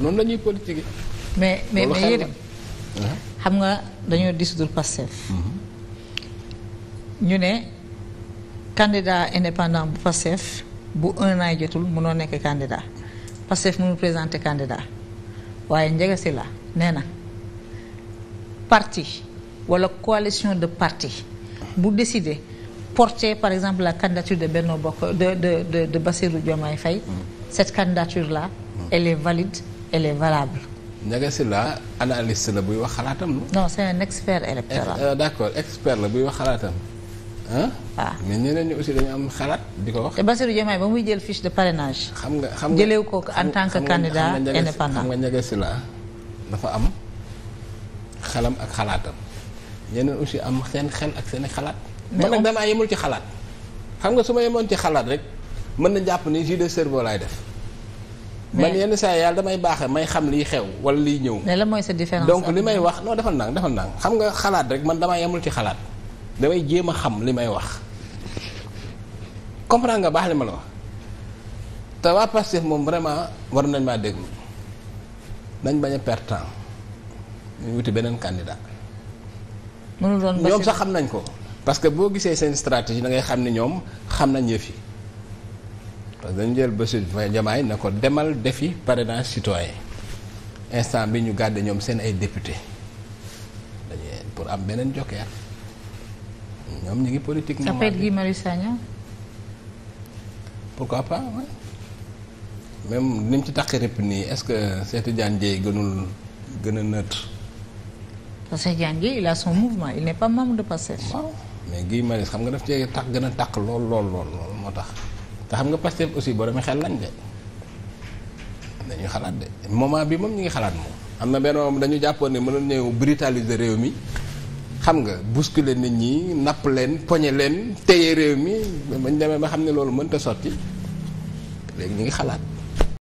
noonu la ñuy politique mais mais mais Yérim xam nga dañoo dissoudre Pastef mm-hmm. ñu ne candidat indépendant bu Pastef bu un an jotul mënoo nekk candidat Pastef mënul présenter candidat waaye njega si la nee na parti wala coalition de parti bu décider porter par exemple la candidature de Benno Bokk de de de de Bassirou Diomaye Faye mm-hmm. cette candidature là mm-hmm. elle valide elle est valable. Ndiaga Sylla analyste la buy wax xalaatam. non c'est un expert électoral. Eh, euh, d'accord expert la buy wax xalaatam. ah waaw mais ñeneen ñi aussi dañu am xalaat di ko wax. te Bassirou Diomaye ba muy jël fiche de parrainage. xam nga xam nga jëlee ko en tant que candidat indépendant xam nga Ndiaga Sylla dafa am xelam ak xalaatam ñeneen aussi am seen xel ak seen i xalaat. man nag damaa yemul ci xalaat. xam nga su ma yemoon ci xalaat rek mën na jàpp ni jus de cerveau laay def. man yenn saa yàlla damay baax may xam liy xew wala liy ñëw. mais lan mooy sa différence donc li may wax non defal naa defal naa xam nga xalaat rek man damay amul ci xalaat damay jéem a xam li may wax comprendre nga baax li ma la wax te waa Pastef moom vraiment war nañ maa déglu nañ bañ a perte temps ñu wuti beneen candidat. mënul doon ñoom sax xam nañ ko. parce que boo gisee seen stratégie da ngay xam ni ñoom xam nañ yëf yi. parce que dañu jël Bassirou jamaay na ko demal defi parrainage citoyen instant bi ñu gàdde ñoom seen ay député dañuy pour am beneen jokkeer ñoom ñu ngi politique. moom ak Guy Marius Sagna pourquoi pas ouais. même ni mu ci taq rëpp nii est-ce que Cheikh Tidiane Dièye gënul gën a neutre. parce que Tidiane Dièye il a son mouvement il n'est pas membre de Pastef. mais Guy Marius xam nga def cee tax gën a tax lool lool lool lool moo tax. te xam nga Pastef aussi boo demee xel lañ de dañuy xalaat de moment bi moom ñu ngi xalaat moom am na benn moom dañu jàppoon ne mënoon ñëw brutaliser réew mi xam nga bousculer nit ñi napp leen poñe leen téye réew mi bañ demee ba xam ne loolu mënta sotti léegi ñu ngi xalaat